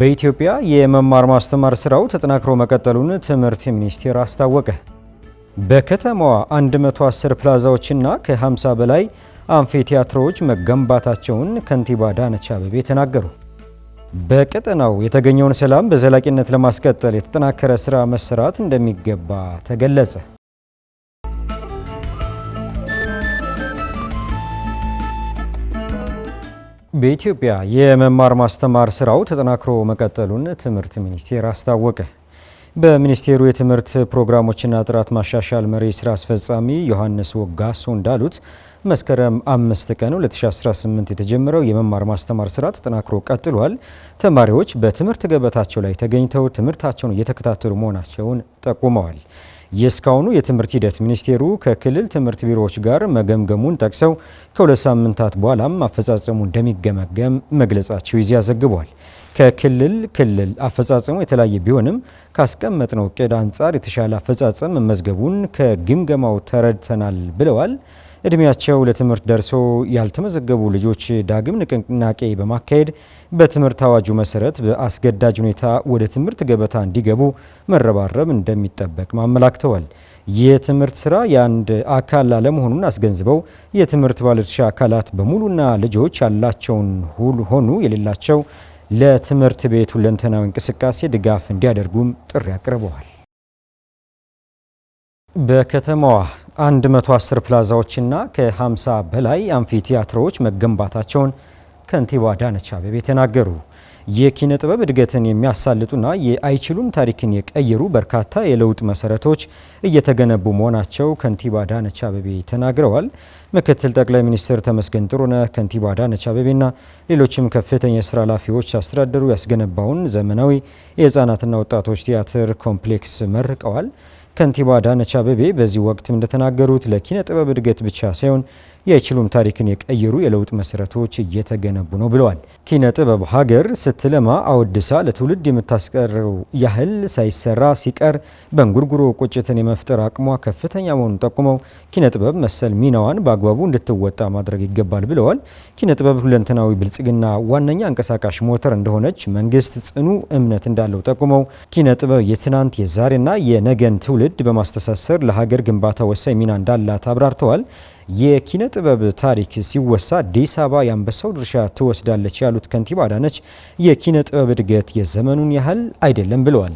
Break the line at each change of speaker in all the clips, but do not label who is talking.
በኢትዮጵያ የመማር ማስተማር ስራው ተጠናክሮ መቀጠሉን ትምህርት ሚኒስቴር አስታወቀ። በከተማዋ 110 ፕላዛዎችና ከ50 በላይ አምፊቲያትሮች መገንባታቸውን ከንቲባ አዳነች አበቤ ተናገሩ። በቀጠናው የተገኘውን ሰላም በዘላቂነት ለማስቀጠል የተጠናከረ ስራ መሰራት እንደሚገባ ተገለጸ። በኢትዮጵያ የመማር ማስተማር ስራው ተጠናክሮ መቀጠሉን ትምህርት ሚኒስቴር አስታወቀ። በሚኒስቴሩ የትምህርት ፕሮግራሞችና ጥራት ማሻሻል መሪ ስራ አስፈጻሚ ዮሐንስ ወጋሶ እንዳሉት መስከረም አምስት ቀን 2018 የተጀመረው የመማር ማስተማር ስራ ተጠናክሮ ቀጥሏል። ተማሪዎች በትምህርት ገበታቸው ላይ ተገኝተው ትምህርታቸውን እየተከታተሉ መሆናቸውን ጠቁመዋል። የእስካሁኑ የትምህርት ሂደት ሚኒስቴሩ ከክልል ትምህርት ቢሮዎች ጋር መገምገሙን ጠቅሰው ከሁለት ሳምንታት በኋላም አፈጻጸሙ እንደሚገመገም መግለጻቸው ኢዜአ ዘግቧል። ከክልል ክልል አፈጻጸሙ የተለያየ ቢሆንም ካስቀመጥነው እቅድ አንጻር የተሻለ አፈጻጸም መመዝገቡን ከግምገማው ተረድተናል ብለዋል። እድሜያቸው ለትምህርት ደርሶ ያልተመዘገቡ ልጆች ዳግም ንቅናቄ በማካሄድ በትምህርት አዋጁ መሰረት በአስገዳጅ ሁኔታ ወደ ትምህርት ገበታ እንዲገቡ መረባረብ እንደሚጠበቅ አመላክተዋል። የትምህርት ስራ የአንድ አካል አለመሆኑን አስገንዝበው የትምህርት ባለድርሻ አካላት በሙሉና ልጆች ያላቸውን ሁሉ ሆኑ የሌላቸው ለትምህርት ቤት ሁለንተናዊ እንቅስቃሴ ድጋፍ እንዲያደርጉም ጥሪ አቅርበዋል። በከተማዋ 110 ፕላዛዎችና ከ50 በላይ አምፊቲያትሮች ቲያትሮች መገንባታቸውን ከንቲባ አዳነች አቤቤ ተናገሩ። የኪነ ጥበብ እድገትን የሚያሳልጡና የአይችሉም ታሪክን የቀየሩ በርካታ የለውጥ መሰረቶች እየተገነቡ መሆናቸው ከንቲባ አዳነች አቤቤ ተናግረዋል። ምክትል ጠቅላይ ሚኒስትር ተመስገን ጥሩነህ ከንቲባ አዳነች አቤቤና ሌሎችም ከፍተኛ የስራ ኃላፊዎች አስተዳደሩ ያስገነባውን ዘመናዊ የህፃናትና ወጣቶች ቲያትር ኮምፕሌክስ መርቀዋል። ከንቲባ አዳነች አበቤ በዚህ ወቅት እንደተናገሩት ለኪነ ጥበብ እድገት ብቻ ሳይሆን የችሉም ታሪክን የቀየሩ የለውጥ መሰረቶች እየተገነቡ ነው ብለዋል። ኪነ ጥበብ ሀገር ስትለማ አወድሳ ለትውልድ የምታስቀረው ያህል ሳይሰራ ሲቀር በእንጉርጉሮ ቁጭትን የመፍጠር አቅሟ ከፍተኛ መሆኑን ጠቁመው ኪነ ጥበብ መሰል ሚናዋን በአግባቡ እንድትወጣ ማድረግ ይገባል ብለዋል። ኪነ ጥበብ ሁለንተናዊ ብልጽግና ዋነኛ አንቀሳቃሽ ሞተር እንደሆነች መንግስት ጽኑ እምነት እንዳለው ጠቁመው ኪነ ጥበብ የትናንት የዛሬና የነገን ትውልድ በማስተሳሰር ለሀገር ግንባታ ወሳኝ ሚና እንዳላት አብራርተዋል። የኪነ ጥበብ ታሪክ ሲወሳ አዲስ አበባ የአንበሳው ድርሻ ትወስዳለች ያሉት ከንቲባ አዳነች የኪነ ጥበብ እድገት የዘመኑን ያህል አይደለም ብለዋል።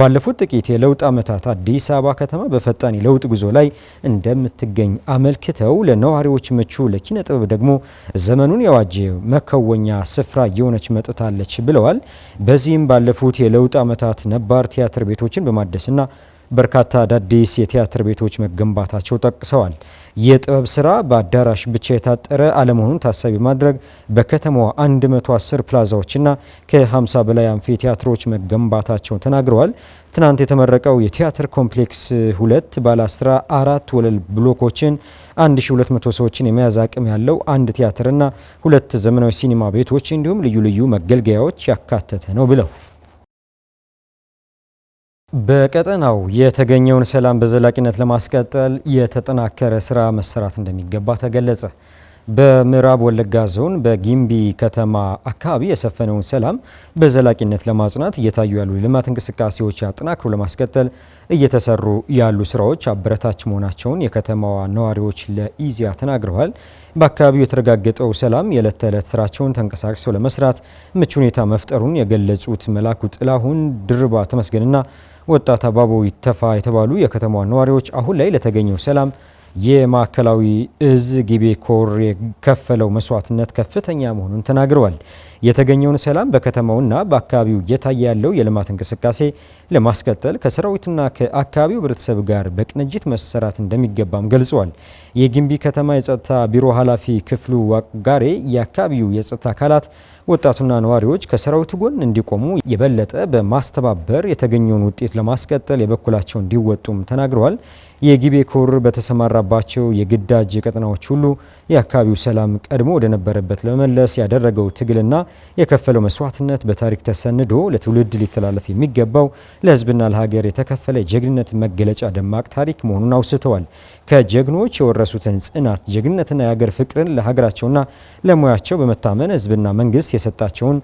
ባለፉት ጥቂት የለውጥ ዓመታት አዲስ አበባ ከተማ በፈጣን የለውጥ ጉዞ ላይ እንደምትገኝ አመልክተው ለነዋሪዎች ምቹ ለኪነ ጥበብ ደግሞ ዘመኑን የዋጀ መከወኛ ስፍራ እየሆነች መጥታለች ብለዋል። በዚህም ባለፉት የለውጥ ዓመታት ነባር ቲያትር ቤቶችን በማደስና በርካታ አዳዲስ የቲያትር ቤቶች መገንባታቸው ጠቅሰዋል። የጥበብ ስራ በአዳራሽ ብቻ የታጠረ አለመሆኑን ታሳቢ ማድረግ በከተማዋ 110 ፕላዛዎችና ከ50 በላይ አንፊ ቲያትሮች መገንባታቸውን ተናግረዋል። ትናንት የተመረቀው የቲያትር ኮምፕሌክስ ሁለት ባለ 14 ወለል ብሎኮችን 1200 ሰዎችን የመያዝ አቅም ያለው አንድ ቲያትርና ሁለት ዘመናዊ ሲኒማ ቤቶች እንዲሁም ልዩ ልዩ መገልገያዎች ያካተተ ነው ብለው በቀጠናው የተገኘውን ሰላም በዘላቂነት ለማስቀጠል የተጠናከረ ስራ መሰራት እንደሚገባ ተገለጸ። በምዕራብ ወለጋ ዞን በጊምቢ ከተማ አካባቢ የሰፈነውን ሰላም በዘላቂነት ለማጽናት እየታዩ ያሉ ልማት እንቅስቃሴዎች አጠናክሮ ለማስቀጠል እየተሰሩ ያሉ ስራዎች አበረታች መሆናቸውን የከተማዋ ነዋሪዎች ለኢዜአ ተናግረዋል። በአካባቢው የተረጋገጠው ሰላም የዕለት ተዕለት ስራቸውን ተንቀሳቅሰው ለመስራት ምቹ ሁኔታ መፍጠሩን የገለጹት መላኩ ጥላሁን ድርባ ተመስገንና ወጣት አባቦ ይተፋ የተባሉ የከተማ ነዋሪዎች አሁን ላይ ለተገኘው ሰላም የማዕከላዊ እዝ ጊቤ ኮር የከፈለው መስዋዕትነት ከፍተኛ መሆኑን ተናግረዋል። የተገኘውን ሰላም በከተማውና በአካባቢው እየታየ ያለው የልማት እንቅስቃሴ ለማስቀጠል ከሰራዊቱና ከአካባቢው ብረተሰብ ጋር በቅንጅት መሰራት እንደሚገባም ገልጸዋል። የግንቢ ከተማ የጸጥታ ቢሮ ኃላፊ ክፍሉ ዋቅጋሬ የአካባቢው የጸጥታ አካላት ወጣቱና ነዋሪዎች ከሰራዊቱ ጎን እንዲቆሙ የበለጠ በማስተባበር የተገኘውን ውጤት ለማስቀጠል የበኩላቸው እንዲወጡም ተናግረዋል። የጊቤ ኮር በተሰማራባቸው የግዳጅ ቀጠናዎች ሁሉ የአካባቢው ሰላም ቀድሞ ወደነበረበት ለመመለስ ያደረገው ትግልና የከፈለው መስዋዕትነት በታሪክ ተሰንዶ ለትውልድ ሊተላለፍ የሚገባው ለህዝብና ለሀገር የተከፈለ የጀግንነት መገለጫ ደማቅ ታሪክ መሆኑን አውስተዋል። ከጀግኖች የወረሱትን ጽናት፣ ጀግንነትና የሀገር ፍቅርን ለሀገራቸውና ለሙያቸው በመታመን ህዝብና መንግስት የሰጣቸውን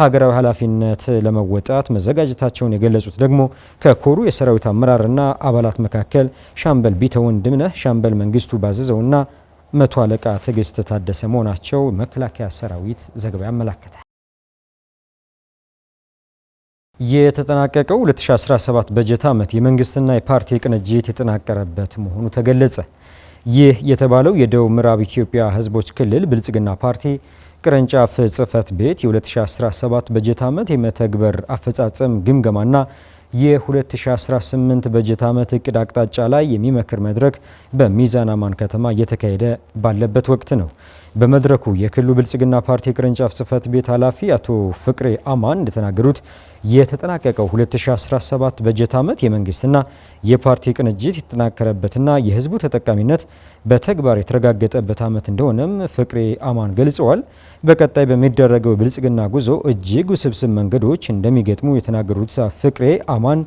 ሀገራዊ ኃላፊነት ለመወጣት መዘጋጀታቸውን የገለጹት ደግሞ ከኮሩ የሰራዊት አመራርና አባላት መካከል ሻምበል ቢተወንድምነህ፣ ሻምበል መንግስቱ ባዘዘውና መቶ አለቃ ትዕግስት ታደሰ መሆናቸው መከላከያ ሰራዊት ዘገባ ያመላክታል። የተጠናቀቀው 2017 በጀት ዓመት የመንግስትና የፓርቲ ቅንጅት የተጠናቀረበት መሆኑ ተገለጸ። ይህ የተባለው የደቡብ ምዕራብ ኢትዮጵያ ህዝቦች ክልል ብልጽግና ፓርቲ ቅርንጫፍ ጽህፈት ቤት የ2017 በጀት ዓመት የመተግበር አፈጻጸም ግምገማና የ2018 በጀት ዓመት እቅድ አቅጣጫ ላይ የሚመክር መድረክ በሚዛን አማን ከተማ እየተካሄደ ባለበት ወቅት ነው። በመድረኩ የክልሉ ብልጽግና ፓርቲ ቅርንጫፍ ጽህፈት ቤት ኃላፊ አቶ ፍቅሬ አማን እንደተናገሩት የተጠናቀቀው 2017 በጀት ዓመት የመንግስትና የፓርቲ ቅንጅት የተጠናከረበትና የህዝቡ ተጠቃሚነት በተግባር የተረጋገጠበት ዓመት እንደሆነም ፍቅሬ አማን ገልጸዋል። በቀጣይ በሚደረገው ብልጽግና ጉዞ እጅግ ውስብስብ መንገዶች እንደሚገጥሙ የተናገሩት ፍቅሬ አማን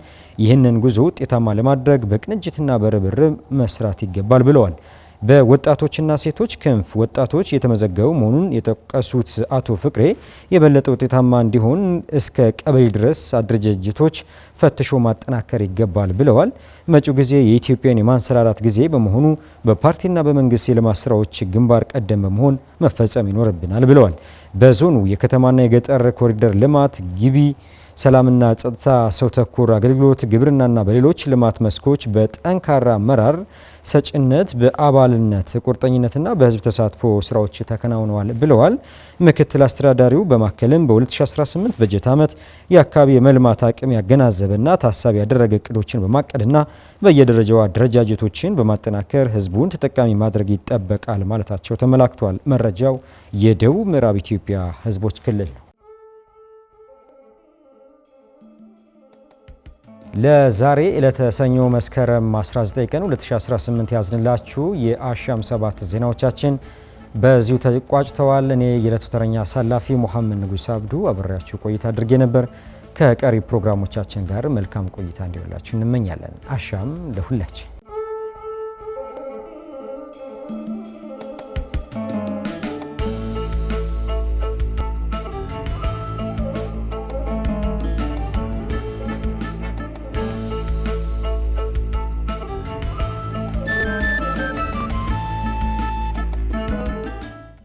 ይህንን ጉዞ ውጤታማ ለማድረግ በቅንጅትና በርብርብ መስራት ይገባል ብለዋል። በወጣቶችና ሴቶች ክንፍ ወጣቶች የተመዘገቡ መሆኑን የጠቀሱት አቶ ፍቅሬ የበለጠ ውጤታማ እንዲሆን እስከ ቀበሌ ድረስ አደረጃጀቶች ፈትሾ ማጠናከር ይገባል ብለዋል። መጪው ጊዜ የኢትዮጵያን የማንሰራራት ጊዜ በመሆኑ በፓርቲና በመንግስት የልማት ስራዎች ግንባር ቀደም በመሆን መፈጸም ይኖርብናል ብለዋል። በዞኑ የከተማና የገጠር ኮሪደር ልማት ግቢ ሰላምና ጸጥታ፣ ሰው ተኮር አገልግሎት፣ ግብርናና በሌሎች ልማት መስኮች በጠንካራ አመራር ሰጭነት፣ በአባልነት ቁርጠኝነትና በህዝብ ተሳትፎ ስራዎች ተከናውነዋል ብለዋል። ምክትል አስተዳዳሪው በማከልም በ2018 በጀት ዓመት የአካባቢ የመልማት አቅም ያገናዘበና ታሳቢ ያደረገ እቅዶችን በማቀድና በየደረጃው አደረጃጀቶችን በማጠናከር ህዝቡን ተጠቃሚ ማድረግ ይጠበቃል ማለታቸው ተመላክቷል። መረጃው የደቡብ ምዕራብ ኢትዮጵያ ህዝቦች ክልል ነው።
ለዛሬ ለተሰኞ መስከረም 19 ቀን 2018 ያዝንላችሁ የአሻም ሰባት ዜናዎቻችን በዚሁ ተቋጭተዋል። እኔ የዕለቱ ተረኛ አሳላፊ ሙሐመድ ንጉስ አብዱ አብሬያችሁ ቆይታ አድርጌ ነበር። ከቀሪ ፕሮግራሞቻችን ጋር መልካም ቆይታ እንዲሆንላችሁ እንመኛለን። አሻም ለሁላችን!